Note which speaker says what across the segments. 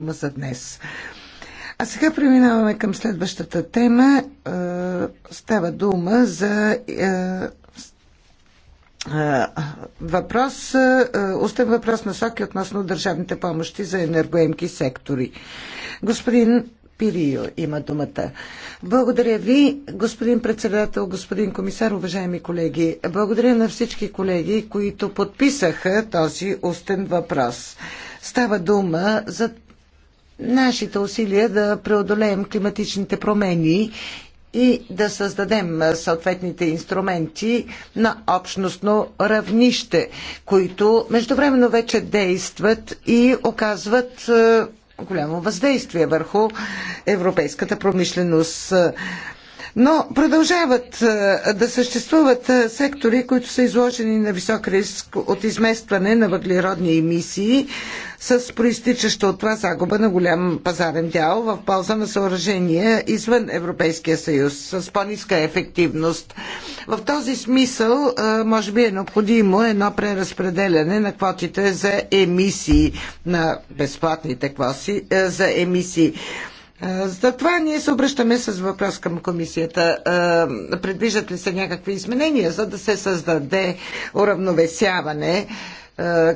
Speaker 1: за днес. А сега преминаваме към следващата тема. Е, става дума за е, е, въпрос, устен въпрос на СОКИ относно държавните помощи за енергоемки сектори. Господин Пирио има думата. Благодаря ви, господин председател, господин комисар, уважаеми колеги. Благодаря на всички колеги, които подписаха този устен въпрос. Става дума за нашите усилия да преодолеем климатичните промени и да създадем съответните инструменти на общностно равнище, които междувременно вече действат и оказват голямо въздействие върху европейската промишленост. Но продължават да съществуват сектори, които са изложени на висок риск от изместване на въглеродни емисии с проистичаща от това загуба на голям пазарен дял в полза на съоръжения извън Европейския съюз с по-ниска ефективност. В този смисъл, може би е необходимо едно преразпределяне на квотите за емисии, на безплатните квоти за емисии. Затова ние се обръщаме с въпрос към комисията. Предвиждат ли се някакви изменения, за да се създаде уравновесяване,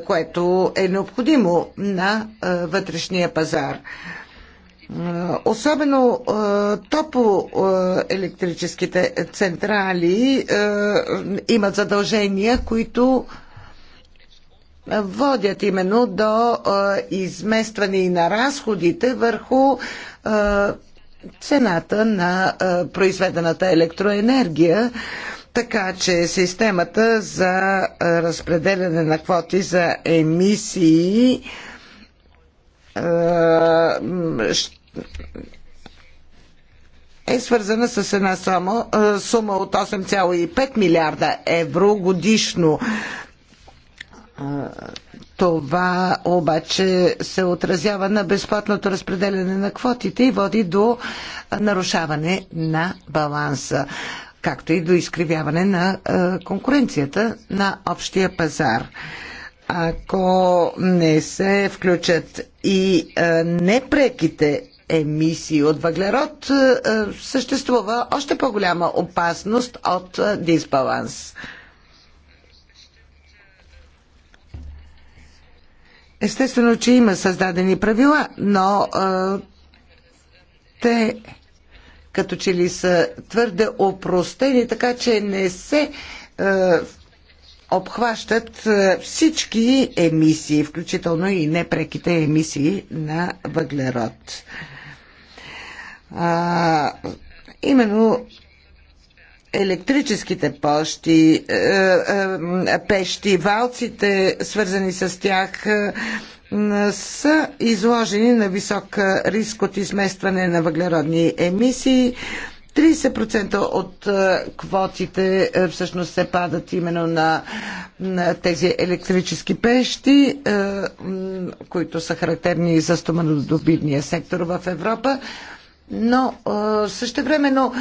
Speaker 1: което е необходимо на вътрешния пазар? Особено топо електрическите централи имат задължения, които водят именно до изместване и на разходите върху цената на произведената електроенергия, така че системата за разпределяне на квоти за емисии е свързана с една сума, сума от 8,5 милиарда евро годишно. Това обаче се отразява на безплатното разпределяне на квотите и води до нарушаване на баланса, както и до изкривяване на е, конкуренцията на общия пазар. Ако не се включат и е, непреките емисии от въглерод, е, съществува още по-голяма опасност от дисбаланс. Естествено, че има създадени правила, но а, те като че ли са твърде опростени, така че не се а, обхващат всички емисии, включително и непреките емисии на въглерод. А, именно електрическите пощи, е, е, пещи, валците, свързани с тях, е, са изложени на висок риск от изместване на въглеродни емисии. 30% от квотите всъщност се падат именно на, на тези електрически пещи, които са характерни за стоманодобивния сектор в Европа но също времено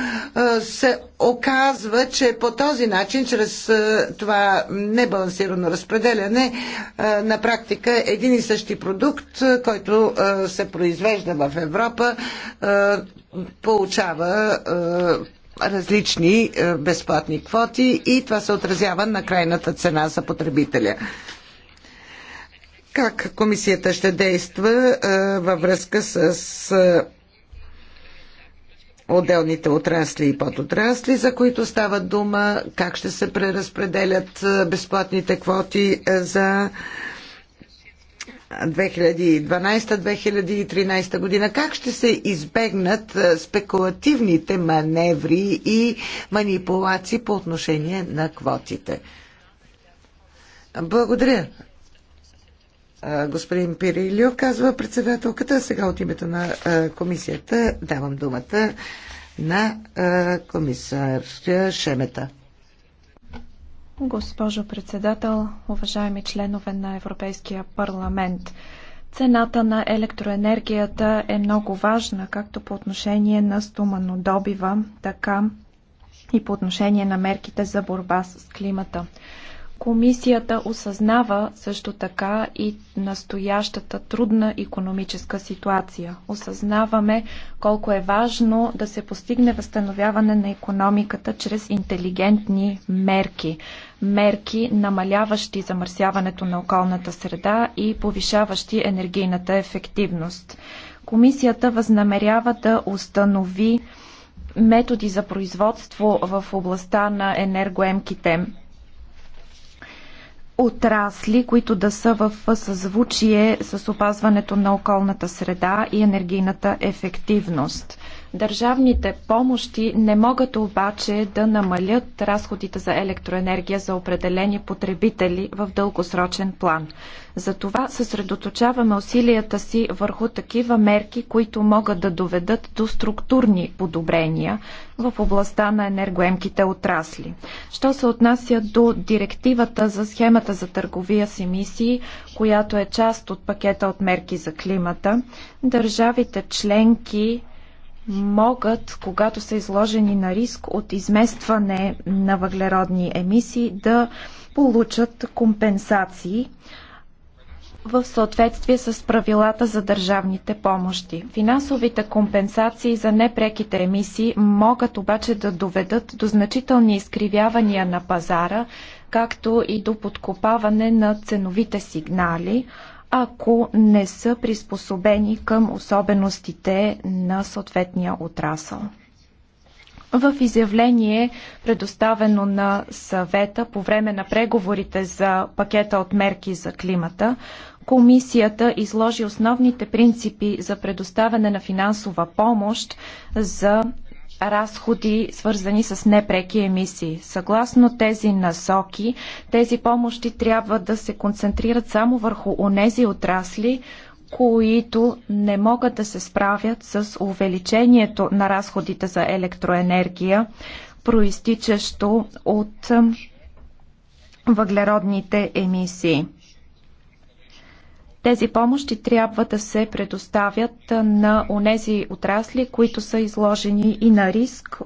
Speaker 1: се оказва, че по този начин, чрез това небалансирано разпределяне, на практика един и същи продукт, който се произвежда в Европа, получава различни безплатни квоти и това се отразява на крайната цена за потребителя как комисията ще действа във връзка с отделните отрасли и подотрасли, за които става дума, как ще се преразпределят е, безплатните квоти е, за 2012-2013 година, как ще се избегнат е, спекулативните маневри и манипулации по отношение на квотите. Благодаря господин Пирилио, казва председателката. Сега от името на комисията давам думата на комисар Шемета.
Speaker 2: Госпожо председател, уважаеми членове на Европейския парламент, Цената на електроенергията е много важна, както по отношение на стоманодобива, така и по отношение на мерките за борба с климата. Комисията осъзнава също така и настоящата трудна економическа ситуация. Осъзнаваме колко е важно да се постигне възстановяване на економиката чрез интелигентни мерки. Мерки, намаляващи замърсяването на околната среда и повишаващи енергийната ефективност. Комисията възнамерява да установи методи за производство в областта на енергоемките отрасли, които да са в съзвучие с опазването на околната среда и енергийната ефективност. Държавните помощи не могат обаче да намалят разходите за електроенергия за определени потребители в дългосрочен план. Затова съсредоточаваме усилията си върху такива мерки, които могат да доведат до структурни подобрения в областта на енергоемките отрасли. Що се отнася до директивата за схемата за търговия с емисии, която е част от пакета от мерки за климата, държавите членки могат, когато са изложени на риск от изместване на въглеродни емисии, да получат компенсации в съответствие с правилата за държавните помощи. Финансовите компенсации за непреките емисии могат обаче да доведат до значителни изкривявания на пазара, както и до подкопаване на ценовите сигнали, ако не са приспособени към особеностите на съответния отрасъл. В изявление, предоставено на съвета по време на преговорите за пакета от мерки за климата, комисията изложи основните принципи за предоставяне на финансова помощ за разходи, свързани с непреки емисии. Съгласно тези насоки, тези помощи трябва да се концентрират само върху онези отрасли, които не могат да се справят с увеличението на разходите за електроенергия, проистичащо от въглеродните емисии. Тези помощи трябва да се предоставят на онези отрасли, които са изложени и на риск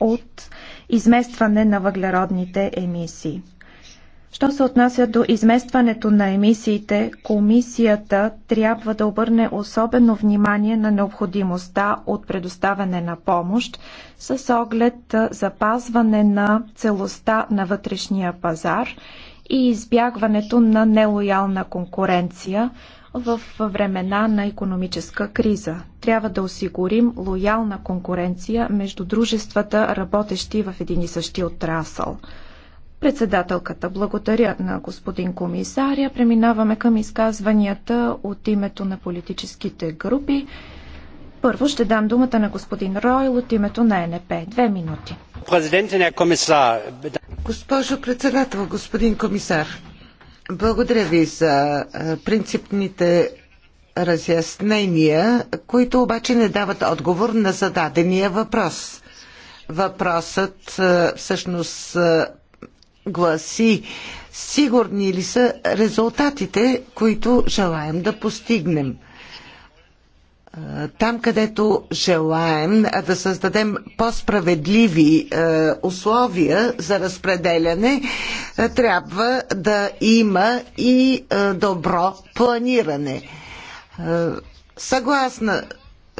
Speaker 2: от изместване на въглеродните емисии. Що се отнася до изместването на емисиите, комисията трябва да обърне особено внимание на необходимостта от предоставяне на помощ с оглед запазване на целостта на вътрешния пазар и избягването на нелоялна конкуренция в времена на економическа криза. Трябва да осигурим лоялна конкуренция между дружествата, работещи в един и същи отрасъл. Председателката благодаря на господин комисаря. Преминаваме към изказванията от името на политическите групи. Първо ще дам думата на господин Ройл от името на НП. Две минути.
Speaker 1: Госпожо председател, господин комисар, благодаря ви за принципните разяснения, които обаче не дават отговор на зададения въпрос. Въпросът всъщност гласи сигурни ли са резултатите, които желаем да постигнем – там, където желаем да създадем по-справедливи е, условия за разпределяне, е, трябва да има и е, добро планиране. Съгласна,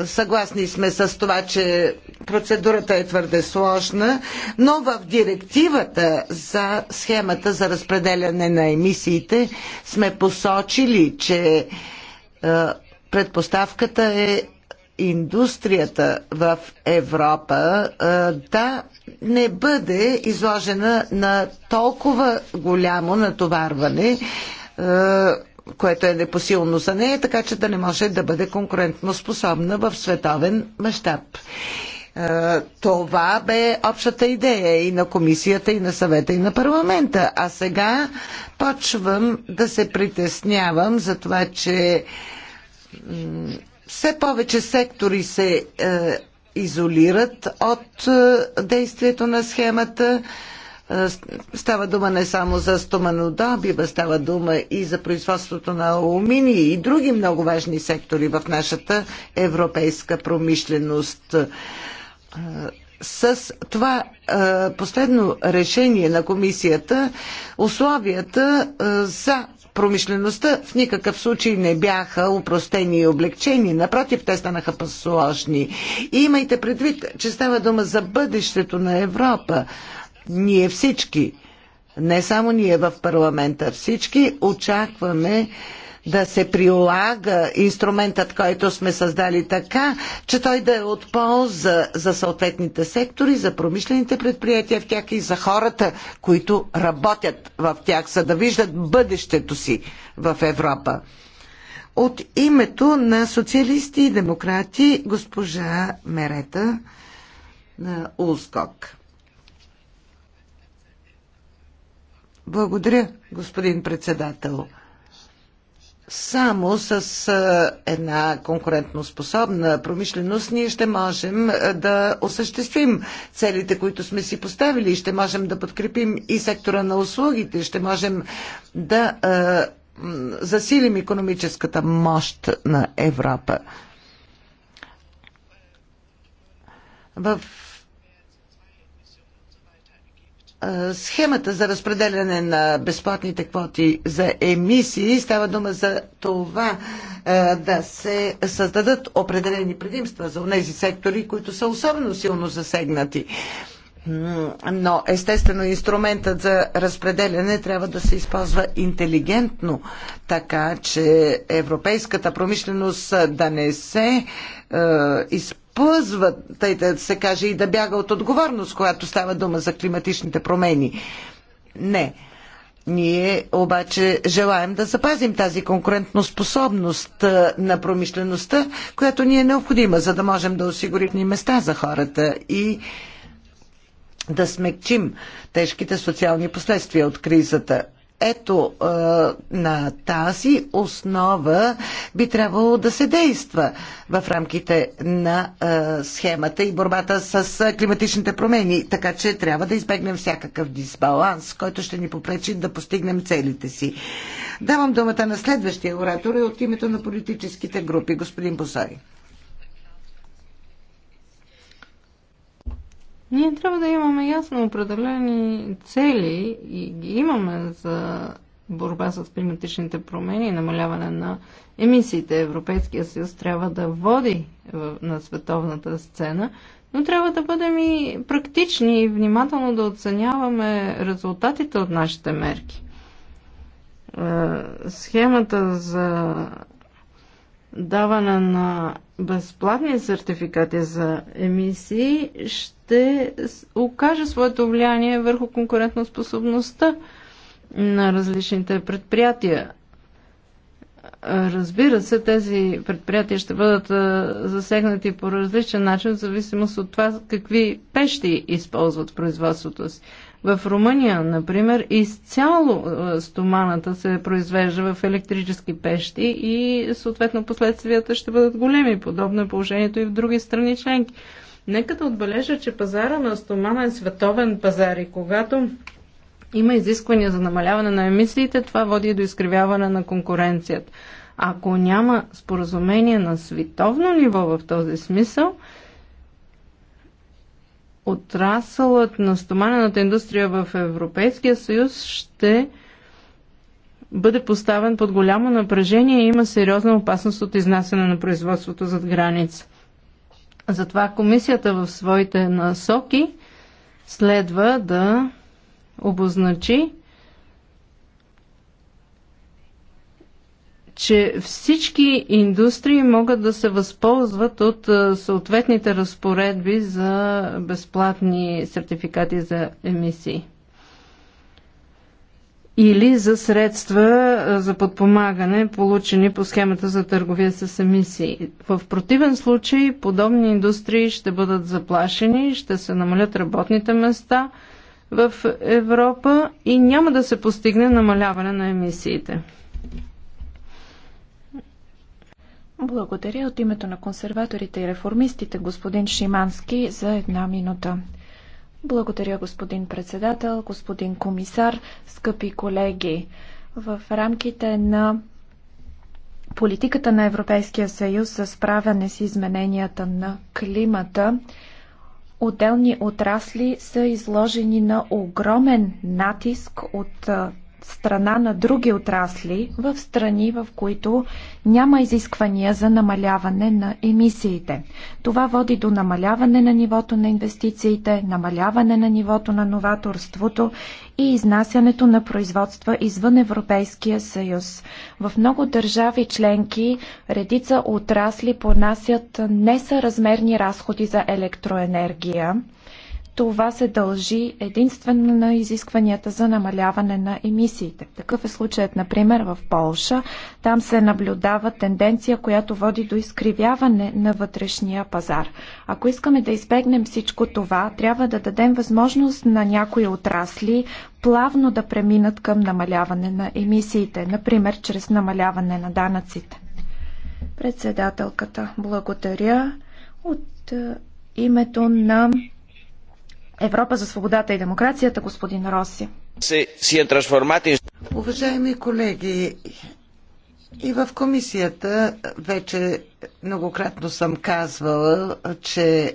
Speaker 1: съгласни сме с това, че процедурата е твърде сложна, но в директивата за схемата за разпределяне на емисиите сме посочили, че Предпоставката е индустрията в Европа да не бъде изложена на толкова голямо натоварване, което е непосилно за нея, така че да не може да бъде конкурентно способна в световен мащаб. Това бе общата идея и на комисията, и на съвета, и на парламента. А сега почвам да се притеснявам за това, че все повече сектори се е, изолират от е, действието на схемата. Е, става дума не само за стоманодобива, става дума и за производството на алумини и други много важни сектори в нашата европейска промишленост. Е, с това е, последно решение на комисията условията е, за промишлеността в никакъв случай не бяха упростени и облегчени. Напротив, те станаха посложни. И имайте предвид, че става дума за бъдещето на Европа. Ние всички, не само ние в парламента, всички очакваме да се прилага инструментът, който сме създали така, че той да е от полза за съответните сектори, за промишлените предприятия в тях и за хората, които работят в тях, за да виждат бъдещето си в Европа. От името на социалисти и демократи госпожа Мерета на Улскок. Благодаря, господин председател. Само с една конкурентноспособна промишленост ние ще можем да осъществим целите, които сме си поставили. Ще можем да подкрепим и сектора на услугите. Ще можем да засилим економическата мощ на Европа. В схемата за разпределяне на безплатните квоти за емисии става дума за това да се създадат определени предимства за тези сектори, които са особено силно засегнати. Но естествено инструментът за разпределяне трябва да се използва интелигентно, така че европейската промишленост да не се е, използва изплъзва, тъй да се каже, и да бяга от отговорност, когато става дума за климатичните промени. Не. Ние обаче желаем да запазим тази конкурентоспособност на промишлеността, която ни е необходима, за да можем да осигурим ни места за хората и да смекчим тежките социални последствия от кризата ето на тази основа би трябвало да се действа в рамките на схемата и борбата с климатичните промени. Така че трябва да избегнем всякакъв дисбаланс, който ще ни попречи да постигнем целите си. Давам думата на следващия оратор от името на политическите групи, господин Босой.
Speaker 3: Ние трябва да имаме ясно определени цели и ги имаме за борба с климатичните промени и намаляване на емисиите. Европейския съюз трябва да води на световната сцена, но трябва да бъдем и практични и внимателно да оценяваме резултатите от нашите мерки. Е, схемата за даване на безплатни сертификати за емисии ще ще окаже своето влияние върху конкурентоспособността на различните предприятия. Разбира се, тези предприятия ще бъдат засегнати по различен начин, в зависимост от това какви пещи използват в производството си. В Румъния, например, изцяло стоманата се произвежда в електрически пещи и съответно последствията ще бъдат големи. Подобно е положението и в други страни членки. Нека да отбележа, че пазара на стомана е световен пазар и когато има изисквания за намаляване на емисиите, това води до изкривяване на конкуренцията. Ако няма споразумение на световно ниво в този смисъл, отрасълът на стоманената индустрия в Европейския съюз ще бъде поставен под голямо напрежение и има сериозна опасност от изнасяне на производството зад граница. Затова комисията в своите насоки следва да обозначи, че всички индустрии могат да се възползват от съответните разпоредби за безплатни сертификати за емисии или за средства за подпомагане, получени по схемата за търговия с емисии. В противен случай подобни индустрии ще бъдат заплашени, ще се намалят работните места в Европа и няма да се постигне намаляване на емисиите.
Speaker 2: Благодаря от името на консерваторите и реформистите господин Шимански за една минута. Благодаря, господин председател, господин комисар, скъпи колеги. В рамките на политиката на Европейския съюз за справяне с измененията на климата, отделни отрасли са изложени на огромен натиск от страна на други отрасли в страни, в които няма изисквания за намаляване на емисиите. Това води до намаляване на нивото на инвестициите, намаляване на нивото на новаторството и изнасянето на производства извън Европейския съюз. В много държави членки редица отрасли понасят несъразмерни разходи за електроенергия това се дължи единствено на изискванията за намаляване на емисиите. Такъв е случаят, например, в Полша. Там се наблюдава тенденция, която води до изкривяване на вътрешния пазар. Ако искаме да избегнем всичко това, трябва да дадем възможност на някои отрасли плавно да преминат към намаляване на емисиите, например, чрез намаляване на данъците. Председателката, благодаря. От е, името на Европа за
Speaker 1: свободата и демокрацията, господин Роси. Е Уважаеми колеги, и в комисията вече многократно съм казвала, че е,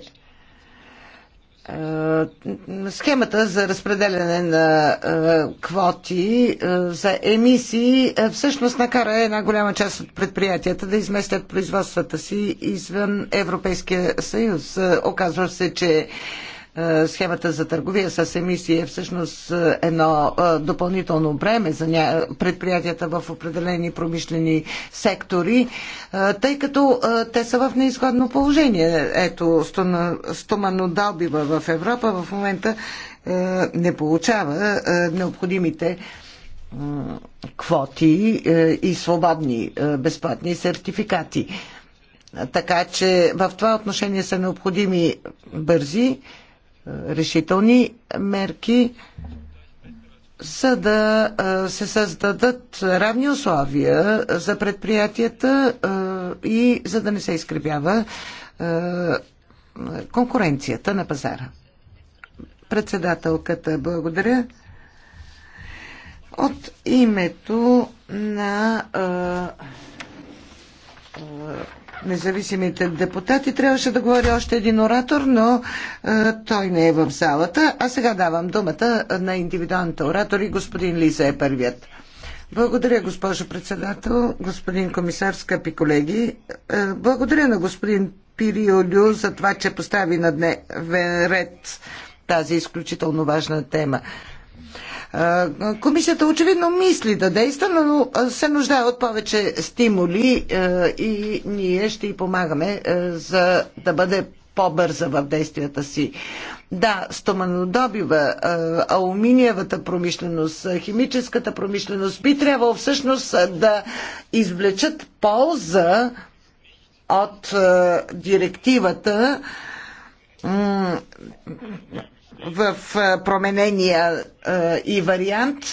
Speaker 1: схемата за разпределяне на е, квоти за емисии всъщност накара една голяма част от предприятията да изместят производствата си извън Европейския съюз. Оказва се, че е, схемата за търговия с емисии е всъщност е, едно е, допълнително бреме за предприятията в определени промишлени сектори, тъй като те са в неизходно положение. Ето, стомано стоманодобива в Европа в момента не получава необходимите квоти и свободни безплатни сертификати. Така че в това отношение са необходими бързи решителни мерки, за да се създадат равни условия за предприятията и за да не се изкривява конкуренцията на пазара. Председателката, благодаря. От името на независимите депутати. Трябваше да говори още един оратор, но е, той не е в залата. А сега давам думата на индивидуалните оратори. Господин Лиза е първият. Благодаря, госпожо председател, господин комисар, скъпи колеги. Е, благодаря на господин Пириолю за това, че постави на дне ред тази изключително важна тема. Комисията очевидно мисли да действа, но се нуждае от повече стимули и ние ще й помагаме за да бъде по-бърза в действията си. Да, стоманодобива, алуминиевата промишленост, химическата промишленост би трябвало всъщност да извлечат полза от директивата в променения и вариант,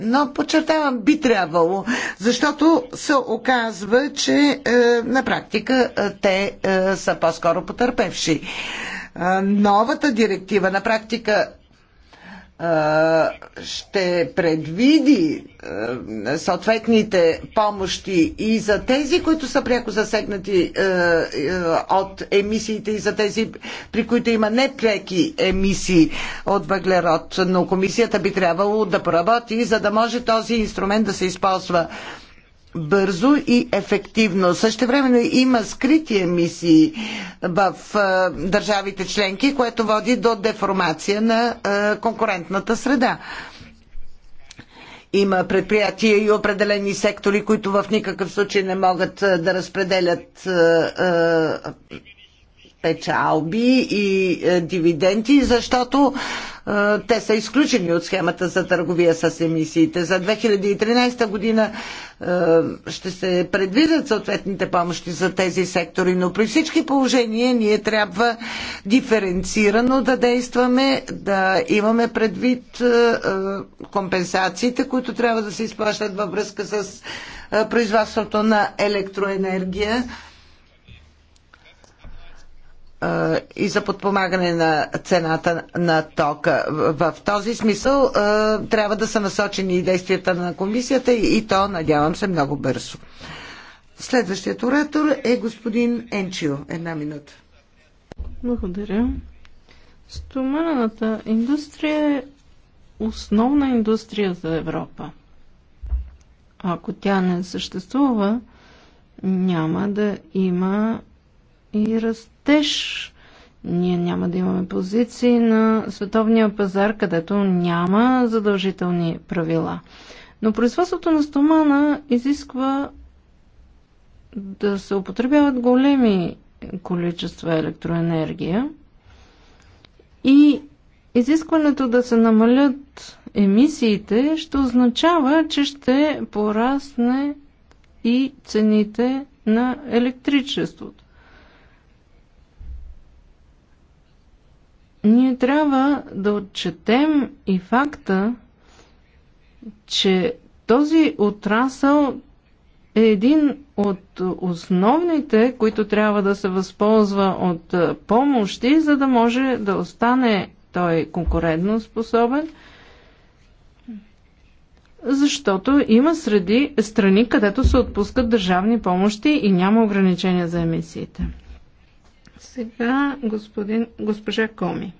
Speaker 1: но подчертавам би трябвало, защото се оказва, че на практика те са по-скоро потърпевши. Новата директива на практика ще предвиди съответните помощи и за тези, които са пряко засегнати от емисиите и за тези, при които има непреки емисии от въглерод. Но комисията би трябвало да поработи, за да може този инструмент да се използва бързо и ефективно. Също времено има скрити емисии в държавите членки, което води до деформация на конкурентната среда. Има предприятия и определени сектори, които в никакъв случай не могат да разпределят печалби и е, дивиденти, защото е, те са изключени от схемата за търговия с емисиите. За 2013 година е, ще се предвидят съответните помощи за тези сектори, но при всички положения ние трябва диференцирано да действаме, да имаме предвид компенсациите, които трябва да се изплащат във връзка с производството на електроенергия и за подпомагане на цената на тока. В този смисъл трябва да са насочени и действията на комисията и то, надявам се, много бързо. Следващият оратор е господин Енчио. Една минута. Благодаря. Стоманената индустрия
Speaker 3: е основна индустрия за Европа. Ако тя не съществува, няма да има и растеж. Ние няма да имаме позиции на световния пазар, където няма задължителни правила. Но производството на стомана изисква да се употребяват големи количества електроенергия и изискването да се намалят емисиите ще означава, че ще порасне и цените на електричеството. Ние трябва да отчетем и факта, че този отрасъл е един от основните, които трябва да се възползва от помощи, за да може да остане той конкурентно способен, защото има среди страни, където се отпускат държавни помощи и няма ограничения за емисиите. Сега господин, госпожа Коми.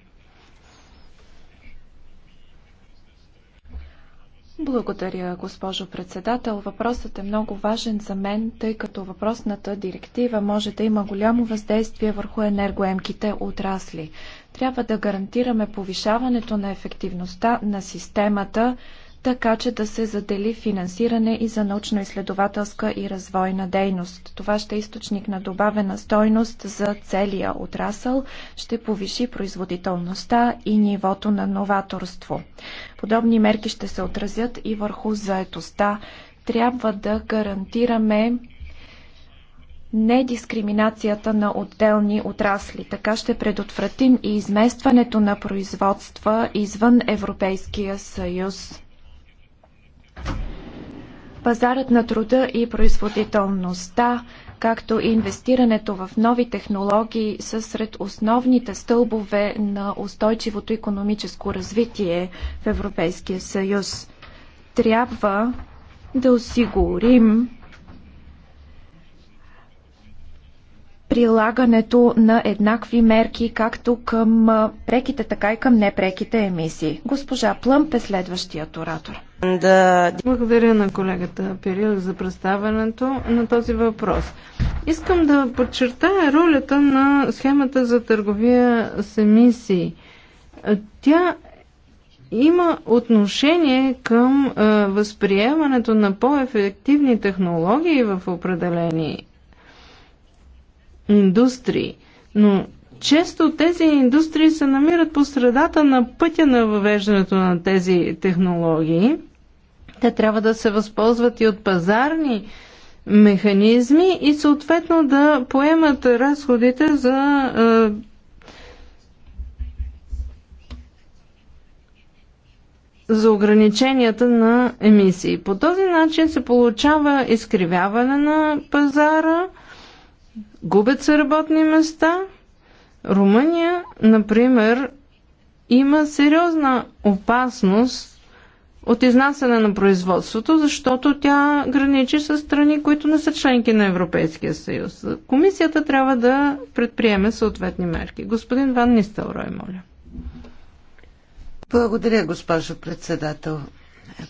Speaker 3: Благодаря, госпожо председател.
Speaker 2: Въпросът е много важен за мен, тъй като въпросната директива може да има голямо въздействие върху енергоемките отрасли. Трябва да гарантираме повишаването на ефективността на системата така че да се задели финансиране и за научно-изследователска и развойна дейност. Това ще е източник на добавена стойност за целия отрасъл, ще повиши производителността и нивото на новаторство. Подобни мерки ще се отразят и върху заетостта. Трябва да гарантираме не дискриминацията на отделни отрасли. Така ще предотвратим и изместването на производства извън Европейския съюз. Пазарът на труда и производителността, както и инвестирането в нови технологии са сред основните стълбове на устойчивото економическо развитие в Европейския съюз. Трябва да осигурим прилагането на еднакви мерки както към преките, така и към непреките емисии. Госпожа Плъмп е следващият оратор.
Speaker 3: Благодаря на колегата Перил за представянето на този въпрос. Искам да подчертая ролята на схемата за търговия с емисии. Тя има отношение към а, е, възприемането на по-ефективни технологии в определени индустрии. Но често тези индустрии се намират по средата на пътя на въвеждането на тези технологии – те трябва да се възползват и от пазарни механизми и съответно да поемат разходите за е, за ограниченията на емисии. По този начин се получава изкривяване на пазара, губят се работни места. Румъния, например, има сериозна опасност от изнасяне на производството, защото тя граничи с страни, които не са членки на Европейския съюз. Комисията трябва да
Speaker 1: предприеме съответни мерки. Господин Ван Нистелрой, моля. Благодаря, госпожо председател.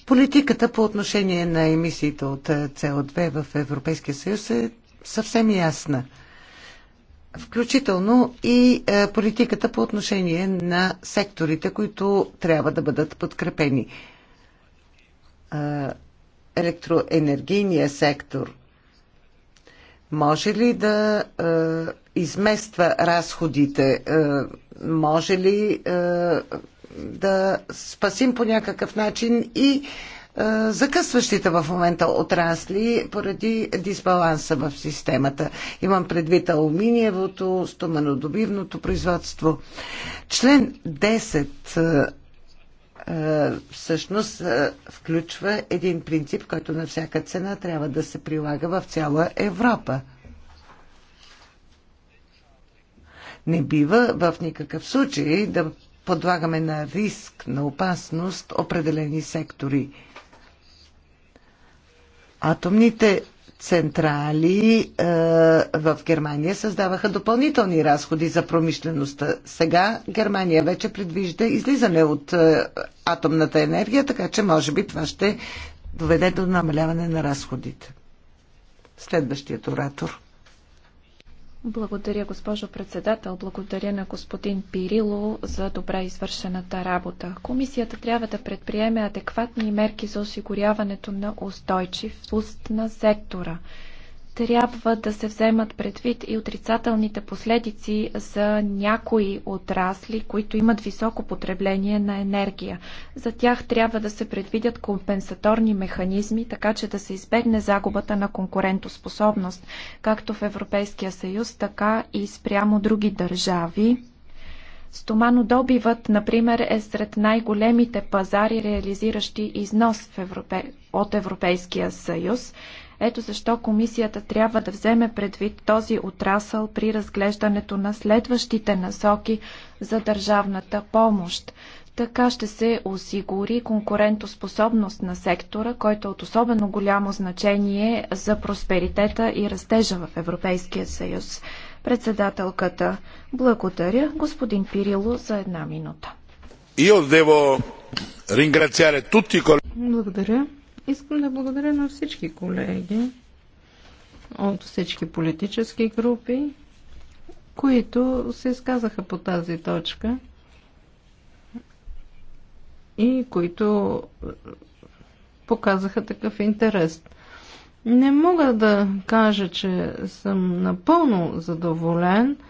Speaker 1: Политиката по отношение на емисиите от со 2 в Европейския съюз е съвсем ясна. Включително и е, политиката по отношение на секторите, които трябва да бъдат подкрепени електроенергийния сектор може ли да е, измества разходите? Е, може ли е, да спасим по някакъв начин и е, закъсващите в момента отрасли поради дисбаланса в системата? Имам предвид алуминиевото, стоманодобивното производство. Член 10 е, всъщност е, включва един принцип, който на всяка цена трябва да се прилага в цяла Европа. Не бива в никакъв случай да подлагаме на риск, на опасност определени сектори. Атомните централи е, в Германия създаваха допълнителни разходи за промишлеността. Сега Германия вече предвижда излизане от е, атомната енергия, така че може би това ще доведе до намаляване на разходите. Следващият оратор.
Speaker 2: Благодаря, госпожо председател. Благодаря на господин Пирило за добре извършената работа. Комисията трябва да предприеме адекватни мерки за осигуряването на устойчивост на сектора трябва да се вземат предвид и отрицателните последици за някои отрасли, които имат високо потребление на енергия. За тях трябва да се предвидят компенсаторни механизми, така че да се избегне загубата на конкурентоспособност, както в Европейския съюз, така и спрямо други държави. Стоманодобивът, например, е сред най-големите пазари, реализиращи износ в Европе... от Европейския съюз. Ето защо комисията трябва да вземе предвид този отрасъл при разглеждането на следващите насоки за държавната помощ. Така ще се осигури конкурентоспособност на сектора, който е от особено голямо значение за просперитета и растежа в Европейския съюз. Председателката, благодаря господин Пирило за една минута.
Speaker 3: Благодаря. Искам да благодаря на всички колеги от всички политически групи, които се изказаха по тази точка и които показаха такъв интерес. Не мога да кажа, че съм напълно задоволен –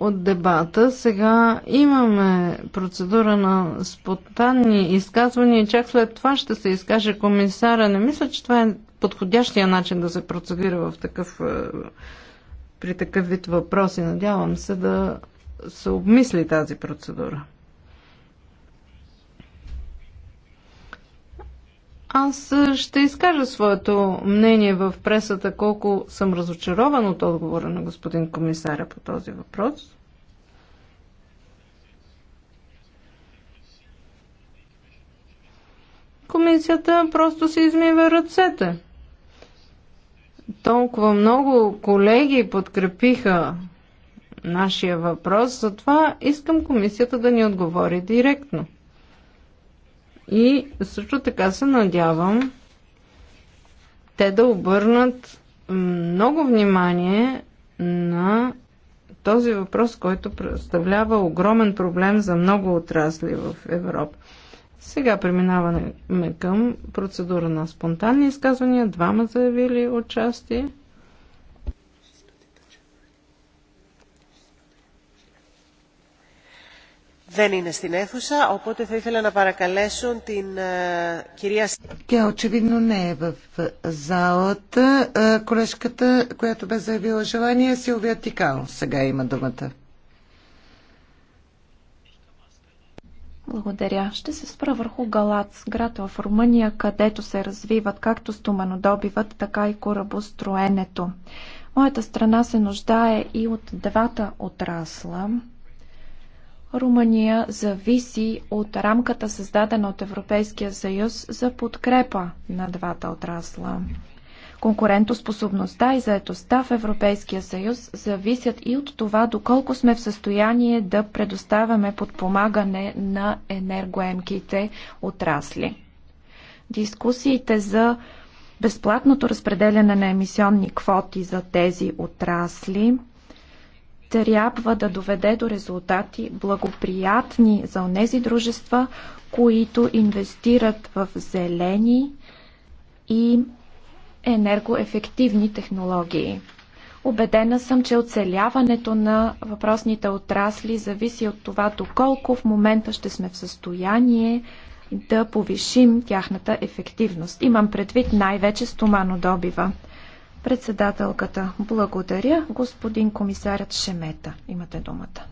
Speaker 3: от дебата. Сега имаме процедура на спонтанни изказвания. Чак след това ще се изкаже комисара. Не мисля, че това е подходящия начин да се процедира в такъв, е, при такъв вид въпроси. Надявам се да се обмисли тази процедура. Аз е, ще изкажа своето мнение в пресата, колко съм разочарован от отговора на господин комисаря по този въпрос. Комисията просто се измива ръцете. Толкова много колеги подкрепиха нашия въпрос, затова искам комисията да ни отговори директно. И също така се надявам те да обърнат много внимание на този въпрос, който представлява огромен проблем за много отрасли в Европа. Сега преминаваме към процедура на спонтанни изказвания. Двама заявили участие.
Speaker 1: δεν είναι στην αίθουσα, οπότε θα ήθελα να την κυρία... Тя очевидно не е в залата. Е, колежката, която бе заявила желание, Силвия Тикал. сега има думата.
Speaker 2: Благодаря. Ще се спра върху Галац, град в Румъния, където се развиват както стоманодобивът, така и корабостроенето. Моята страна се нуждае и от двата отрасла – Румъния зависи от рамката създадена от Европейския съюз за подкрепа на двата отрасла. Конкурентоспособността и заетостта в Европейския съюз зависят и от това доколко сме в състояние да предоставяме подпомагане на енергоемките отрасли. Дискусиите за безплатното разпределяне на емисионни квоти за тези отрасли трябва да доведе до резултати благоприятни за тези дружества, които инвестират в зелени и енергоефективни технологии. Обедена съм, че оцеляването на въпросните отрасли зависи от това доколко в момента ще сме в състояние да повишим тяхната ефективност. Имам предвид най-вече стоманодобива. добива. Председателката, благодаря. Господин комисарят Шемета, имате думата.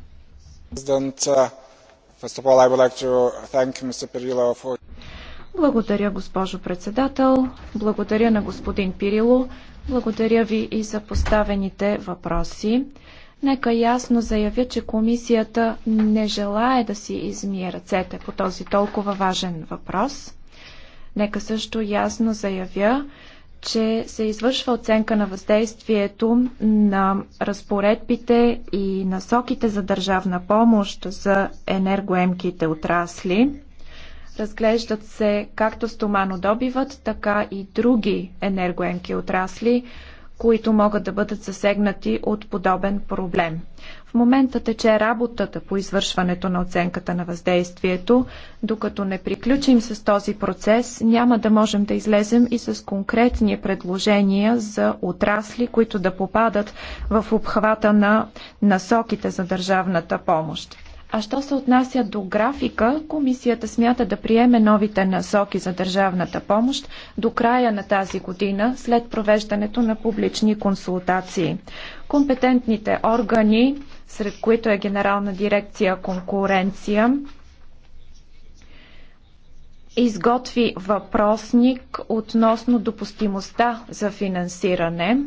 Speaker 2: Благодаря, госпожо председател. Благодаря на господин Пирило. Благодаря ви и за поставените въпроси. Нека ясно заявя, че комисията не желае да си измие ръцете по този толкова важен въпрос. Нека също ясно заявя, че се извършва оценка на въздействието на разпоредбите и насоките за държавна помощ за енергоемките отрасли. Разглеждат се както стоманодобивът, така и други енергоемки отрасли, които могат да бъдат засегнати от подобен проблем момента тече работата по извършването на оценката на въздействието. Докато не приключим с този процес, няма да можем да излезем и с конкретни предложения за отрасли, които да попадат в обхвата на насоките за държавната помощ. А що се отнася до графика, комисията смята да приеме новите насоки за държавната помощ до края на тази година, след провеждането на публични консултации. Компетентните органи сред които е Генерална дирекция конкуренция, изготви въпросник относно допустимостта за финансиране.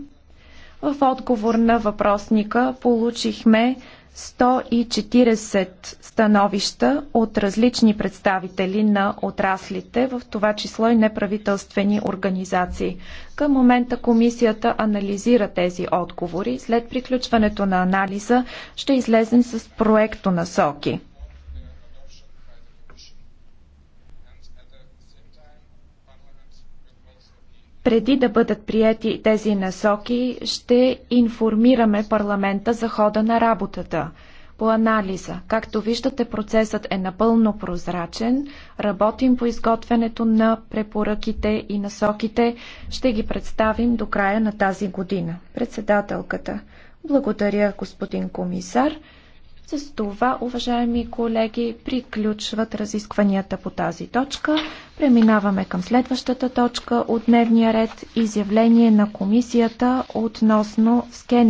Speaker 2: В отговор на въпросника получихме 140 становища от различни представители на отраслите, в това число и неправителствени организации. Към момента комисията анализира тези отговори. След приключването на анализа ще излезем с проекто насоки. Преди да бъдат прияти тези насоки, ще информираме парламента за хода на работата по анализа. Както виждате, процесът е напълно прозрачен. Работим по изготвянето на препоръките и насоките. Ще ги представим до края на тази година. Председателката. Благодаря, господин комисар. С това, уважаеми колеги, приключват разискванията по тази точка. Преминаваме към следващата точка от дневния ред изявление на комисията относно скенер